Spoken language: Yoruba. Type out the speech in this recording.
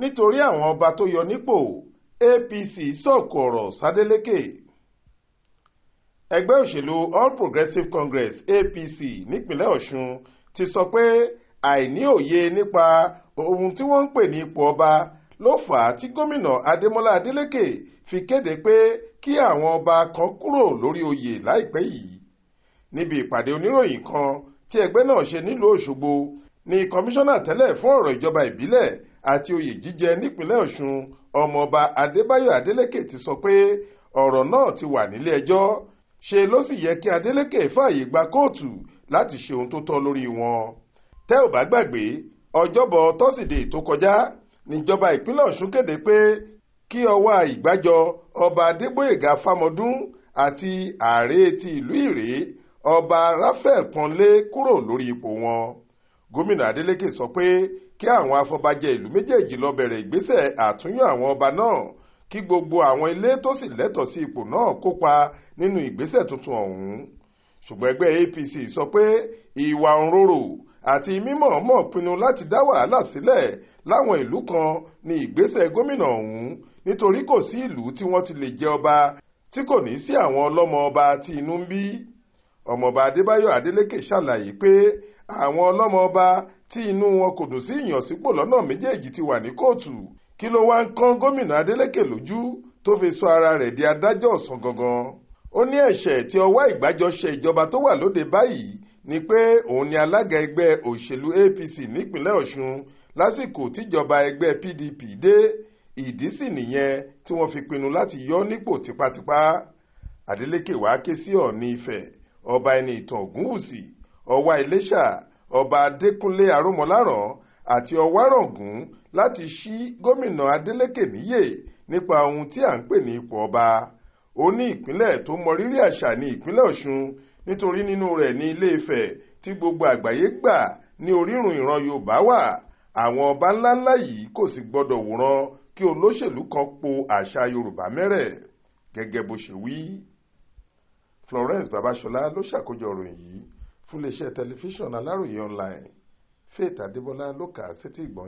nítorí àwọn ọba tó yọ nípò APC sọ̀kò ọ̀rọ̀ Sádélékè ẹgbẹ́ òṣèlú All Progressives Congress APC nípínlẹ̀ Ọ̀ṣun ti sọ pé àìní òye nípa ohun tí wọ́n ń pè ní ipò ọba ló fà á tí gómìnà Adémọ́lá Adélékè fi kéde pé kí àwọn ọba kan kúrò lórí oyè láìpẹ́ yìí níbi ìpàdé oníròyìn kan tí ẹgbẹ́ náà ṣe nílùú Òṣogbo ni kọmíṣánná tẹ́lẹ̀ fún ọ̀rọ̀ ìjọba ìbílẹ̀ àti oyè jíjẹ nípínlẹ̀ ọ̀ṣun ọmọọba adébáyọ̀ adélékè ti sọ pé ọ̀rọ̀ náà ti wà nílé ẹjọ́ ṣe ló sì yẹ kí adélékè fààyè gba kóòtù láti ṣe ohun tó tọ́ lórí wọn tẹ́ ò bá gbàgbé ọjọ́bọ̀ tọ́sídẹ̀ẹ́ tó kọjá níjọba ìpínlẹ̀ ọ̀ṣun kéde pé kí ọwọ́ ìgbàjọ ọba adégbóyèga fámọdún àti ààrẹ ti ìlú ìrèé ọba raphael pọ́nlé kúrò lórí ipò wọn gómìnà adeleke sọ pé kí àwọn afọbajẹ ìlú méjèèjì lọ bẹ̀rẹ̀ ìgbésẹ̀ àtúnyọ àwọn ọba náà kí gbogbo àwọn ilé tó sì lẹ́tọ̀ọ́ sí ipò náà kópa nínú ìgbésẹ̀ tuntun ọ̀hún ṣùgbọ́n ẹgbẹ́ APC sọ pé ìwà òǹrorò àti mímọ̀ọ́mọ̀ pinnu láti dá wàhálà sílẹ̀ láwọn ìlú kan ní ìgbésẹ̀ gómìnà ọ̀hún nítorí kò sí ìlú tí wọ́n ti lè jẹ ọba tí kò ní sí àwọn ọlọ́mọ ọba tí inú ń bí ọmọọba adébáyọ̀ adeleke ṣàlàyé pé àwọn ọlọ́mọọba tí inú wọn kò dùn sí ìyànsípò lọ́nà méjèèjì ti wà ní kóòtù kí ló wá ń kán gómìnà adélékè lójú tó fi sọ ara rẹ̀ di adájọ́ ọ̀sán gangan ó ní ẹ̀ṣẹ̀ tí ọwọ́ ìgbàjọṣe ìjọba tó wà lóde báyìí ni pé òun ni alága ẹgbẹ́ òṣèlú apc nípínlẹ̀ ọ̀ṣun lásìkò tíjọba ẹgbẹ́ pdp dé ìdí sì nìyẹn tí wọ́n fi pinnu láti yọ nípò tipátipá adeleke wàá ké sí ọ̀ọ́ni ifẹ̀ ọba ẹni ìtàn ògúnwùsì ọwá iléṣà ọba adékúnlé àròmọláràn àti ọwá rọ̀gùn láti ṣí gómìnà adélékè níyè nípa ohun tí à ń pè ní ipò ọba ó ní ìpínlẹ̀ tó mọrírì àṣà ní ìpínlẹ̀ ọ̀ṣun nítorí nínú rẹ̀ ní ilé ifẹ̀ tí gbogbo àgbáyé gbà ní orírun ìran yorùbá wà àwọn ọba ńláńlá yìí kò sì gbọdọ̀ wòran kí olóṣèlú kan po àṣà yorùbá mẹ́rẹ̀ gẹ́gẹ́ bó ṣe wí. Florence Babasola ló ṣàkójọ ìròyìn yìí fún iléeṣẹ́ tẹlifíṣàn Aláròye online Faith Adébọlá ló kà á sétí ìgbọ́